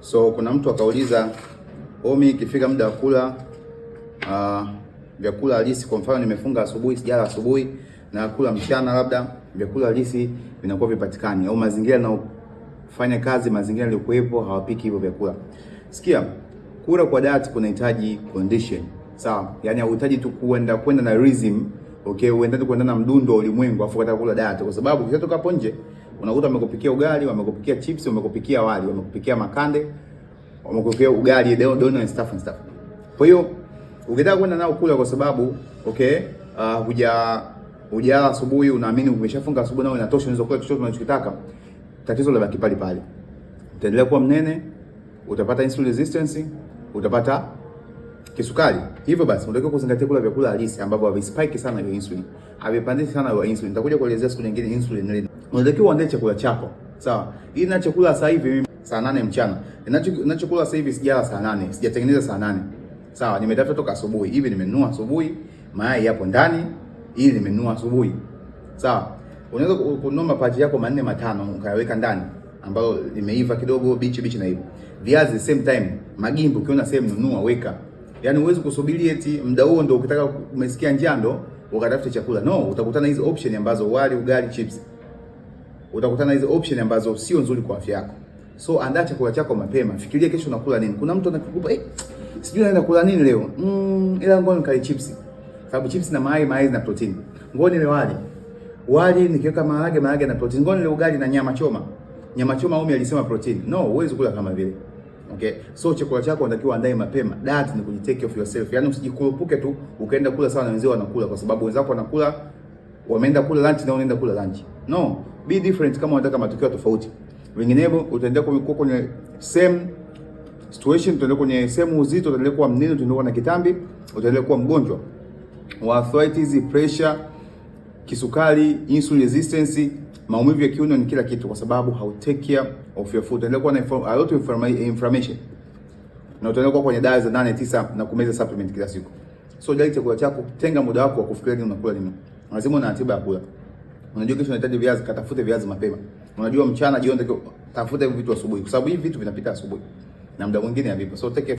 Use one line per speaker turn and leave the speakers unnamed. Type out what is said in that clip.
So kuna mtu akauliza, Omi, ikifika muda wa kula ah, vyakula halisi, kwa mfano nimefunga asubuhi, sijala asubuhi na kula mchana, labda vyakula halisi vinakuwa vipatikani, au mazingira yanayofanya kazi, mazingira yaliyokuwepo hawapiki hivyo vyakula. Sikia, kula kwa diet kunahitaji condition, sawa? Yani hauhitaji tu kuenda kwenda na rhythm, okay, uendane kwenda na mdundo wa ulimwengu afu kata kula diet, kwa sababu ukishatoka hapo nje Unakuta wamekupikia ugali, wamekupikia chips, wamekupikia wali, wamekupikia makande, wamekupikia ugali dono and stuff and stuff. Kwa hiyo ukitaka kwenda nao kula kwa sababu okay, uh, huja huja asubuhi unaamini umeshafunga asubuhi nao inatosha, unaweza kula chochote unachokitaka. Tatizo labaki pale pale, utaendelea kuwa mnene, utapata insulin resistance, utapata kisukari. Hivyo basi unatakiwa kuzingatia kula vyakula halisi ambavyo havispike sana hiyo insulin, havipandishi sana hiyo insulin. Nitakuja kuelezea siku nyingine insulin nini unatakiwa uandae chakula chako sawa. Hii na chakula sasa hivi mimi saa nane mchana ninachokula sasa hivi, sijala saa nane, sijatengeneza saa nane sawa. Nimetafuta toka asubuhi hivi, nimenunua asubuhi, mayai yapo ndani, hii nimenunua asubuhi sawa. Unaweza kununua mapaji yako manne matano ukayaweka ndani ambayo imeiva kidogo bichi bichi na hivyo. Viazi same time, magimbi ukiona same nunua weka. Yaani huwezi kusubiri eti muda huo ndio ukitaka umesikia njaa ndo ukatafuta chakula. No, utakutana hizo option ambazo wali, ugali, chips utakutana hizo option ambazo sio nzuri kwa afya yako. So andaa chakula chako mapema, fikiria kesho unakula nini. Kuna mtu anakukupa eh, sijui naenda kula nini leo, mm, ila ngoja nikale chipsi, sababu chipsi na mayai, mayai na protein. Ngoja nile wali wali, nikiweka maharage, maharage na protein. Ngoja nile ugali na nyama choma, nyama choma. Umi alisema protein. no, huwezi kula kama vile Okay. So chakula chako unatakiwa andae mapema. That ni kujitake of yourself. Yaani usijikurupuke tu ukaenda kula sawa na wenzao wanakula kwa sababu wenzako wanakula wameenda kula lunch na unaenda kula lunch. No. Be different kama unataka matokeo tofauti, vinginevyo utaendelea kuwa kwenye same situation, utaendelea kwenye same uzito, utaendelea kuwa mnene, utaendelea kuwa na kitambi, utaendelea kuwa mgonjwa wa arthritis, pressure, kisukari, insulin resistance, maumivu ya kiuno, ni kila kitu, kwa sababu how take care of your food. Utaendelea kuwa na a lot of inflammation na utaendelea kuwa kwenye dawa za 8 9 na kumeza supplement kila siku. So jali chakula chako, tenga muda wako wa kufikiria nini unakula nini. Lazima una ratiba ya kula. Unajua kesho unahitaji viazi, katafute viazi mapema. Unajua mchana, jioni, tafute hivi vitu asubuhi, kwa sababu hivi vitu vinapita asubuhi na muda mwingine havipo. So take